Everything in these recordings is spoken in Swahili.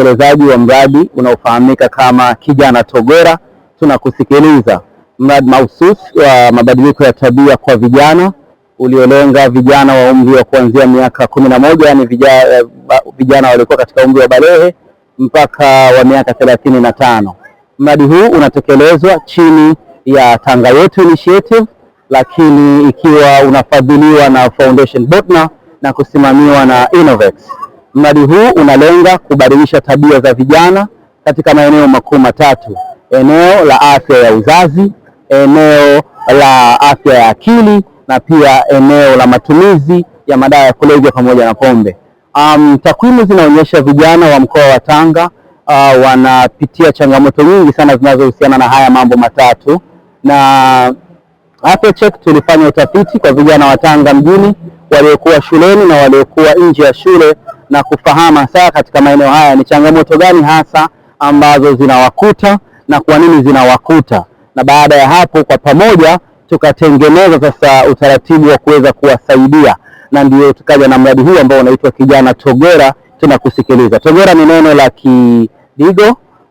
Utekelezaji wa mradi unaofahamika kama Kijana Togora Tunakusikiliza, mradi mahususi wa mabadiliko ya tabia kwa vijana uliolenga vijana wa umri wa kuanzia miaka kumi na moja yani vijana, eh, vijana waliokuwa katika umri wa balehe mpaka wa miaka thelathini na tano. Mradi huu unatekelezwa chini ya Tanga Yetu Initiative, lakini ikiwa unafadhiliwa na Foundation Botna na kusimamiwa na Innovex. Mradi huu unalenga kubadilisha tabia za vijana katika maeneo makuu matatu: eneo la afya ya uzazi, eneo la afya ya akili na pia eneo la matumizi ya madawa ya kulevya pamoja na pombe. Um, takwimu zinaonyesha vijana wa mkoa wa Tanga uh, wanapitia changamoto nyingi sana zinazohusiana na haya mambo matatu, na hapo check tulifanya utafiti kwa vijana wa Tanga mjini waliokuwa shuleni na waliokuwa nje ya shule na kufahamu hasa katika maeneo haya ni changamoto gani hasa ambazo zinawakuta na kwa nini zinawakuta, na baada ya hapo kwa pamoja tukatengeneza sasa utaratibu wa kuweza kuwasaidia, na ndio tukaja na mradi huu ambao unaitwa Kijana togora Tunakusikiliza. togora ni neno la Kidigo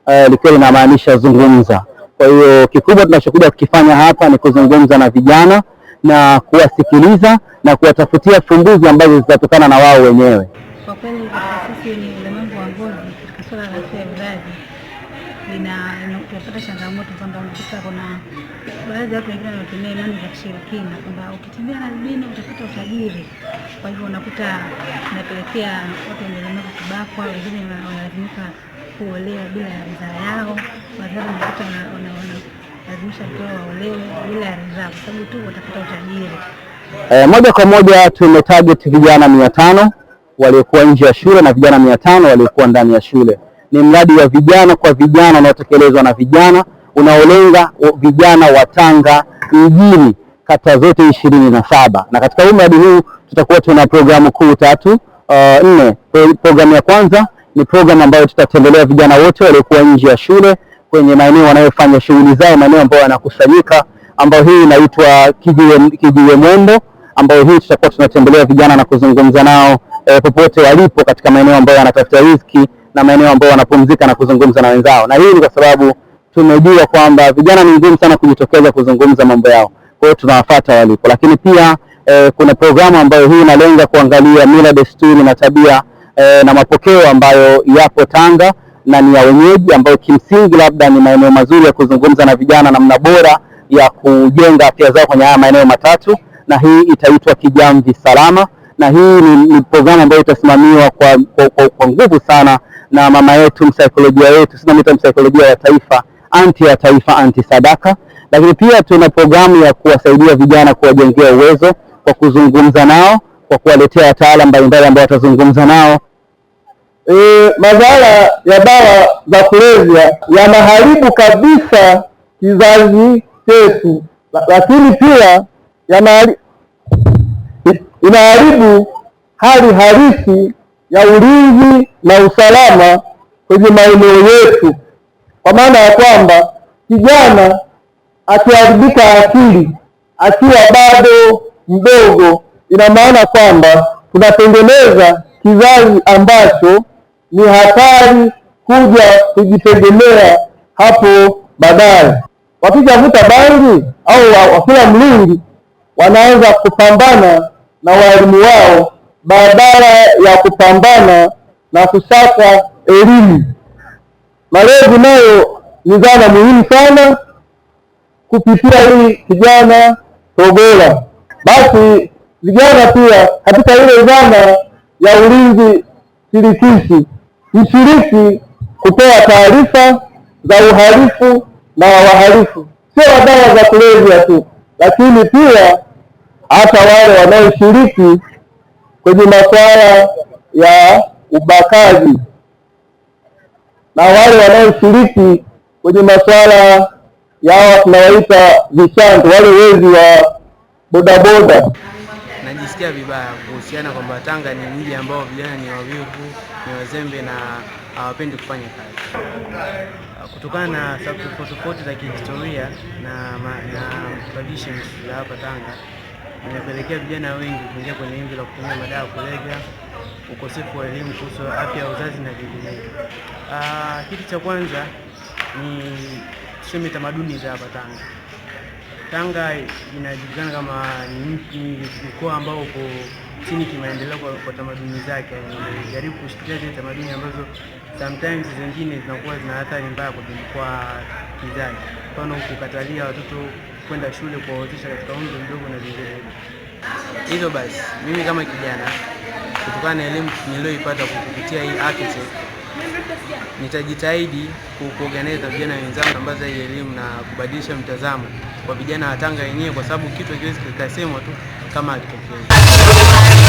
uh, likiwa linamaanisha zungumza. Kwa hiyo kikubwa tunachokuja kukifanya hapa ni kuzungumza na vijana na kuwasikiliza na kuwatafutia fumbuzi ambazo zitatokana na wao wenyewe kweli sisi yenye ulemavu wa ngozi katika swala la afya ya uzazi tunapata changamoto kwamba unakuta kuna baadhi ya watu wengine wanatumia imani za kishirikina kwamba ukitembea na albino utapata utajiri. Kwa hivyo unakuta inapelekea watu wenye ulemavu kubakwa, wengine wanalazimika kuolewa bila ya ridhaa yao, baadhi unakuta wanalazimisha mtoto waolewe bila ya ridhaa kwa sababu tu watapata utajiri. Eh, moja kwa moja tumetarget vijana mia tano waliokuwa nje ya shule na vijana mia tano waliokuwa ndani ya shule. Ni mradi wa vijana kwa vijana unaotekelezwa na vijana unaolenga vijana wa Tanga mjini kata zote ishirini na saba na katika huu mradi huu tutakuwa tuna programu kuu tatu uh, nne. Uh, programu ya kwanza ni programu ambayo tutatembelea vijana wote waliokuwa nje ya shule kwenye maeneo wanayofanya shughuli zao, maeneo ambayo yanakusanyika, ambayo hii inaitwa kijiwe, kijiwe mwendo, ambayo hii tutakuwa tunatembelea vijana na kuzungumza nao e, popote walipo katika maeneo ambayo wanatafuta riziki na maeneo ambayo wanapumzika na kuzungumza na wenzao, na hii ni kwa sababu tumejua kwamba vijana ni ngumu sana kujitokeza kuzungumza mambo yao, kwa hiyo tunawafuata walipo. Lakini pia e, kuna programu ambayo hii inalenga kuangalia mila, desturi na tabia e, na mapokeo ambayo yapo Tanga na ni ya wenyeji ambayo kimsingi labda ni maeneo mazuri ya kuzungumza na vijana namna bora ya kujenga afya zao kwenye haya maeneo matatu, na hii itaitwa Kijamvi Salama na hii ni, ni programu ambayo itasimamiwa kwa, kwa, kwa, kwa nguvu sana na mama yetu msaikolojia yetu sinamita msaikolojia ya taifa anti ya taifa anti Sadaka, lakini pia tuna programu ya kuwasaidia vijana kuwajengea uwezo kwa kuzungumza nao kwa kuwaletea wataalamu mbalimbali ambao watazungumza nao. E, madhara ya dawa za kulevya yanaharibu kabisa kizazi chetu, lakini pia yanaharibu inaharibu hali halisi ya ulinzi na usalama kwenye maeneo yetu, kwa maana ya kwamba kijana akiharibika akili akiwa bado mdogo, ina maana kwamba tunatengeneza kizazi ambacho ni hatari kuja kujitegemea hapo baadaye. wakija vuta bangi au wakila mlingi wanaanza kupambana na walimu wao badala ya kupambana na kusaka elimu. Malezi nayo ni dhana muhimu sana kupitia hii kijana Togola. Basi vijana pia katika ile dhana ya ulinzi shirikishi, mshiriki kutoa taarifa za uhalifu na wahalifu, sio dawa za kulevya tu, lakini pia hata wale wanaoshiriki kwenye masuala ya ubakaji na wale wanaoshiriki kwenye masuala yao tunawaita vichando wale wezi wa bodaboda. Najisikia vibaya kuhusiana kwamba Tanga ni mji ambao vijana ni wavivu, ni wazembe na hawapendi kufanya kazi kutokana na sababu tofauti za kihistoria na, na traditions za hapa Tanga inapelekea vijana wengi kuingia kwenye himbi la kutumia madawa kulevya, ukosefu wa elimu kuhusu afya ya uzazi na vinginevyo. Ah, kitu cha kwanza ni tuseme tamaduni za hapa Tanga. Tanga inajulikana kama ni mkoa ambao uko chini kimaendeleo kwa, kwa tamaduni zake. Jaribu kushikilia zile tamaduni ambazo sometimes zingine zinakuwa zina athari mbaya kwa kizazi, mfano kukatalia watoto kwenda shule kuwawezesha katika umri mdogo na vingine Hivyo basi mimi kama kijana, kutokana na elimu niliyoipata kupitia hii architect, nitajitahidi kuorganize vijana wenzangu, kusambaza hii elimu na kubadilisha mtazamo kwa vijana wa Tanga wenyewe, kwa sababu kitu hakiwezi kikasemwa tu kama hakitokei.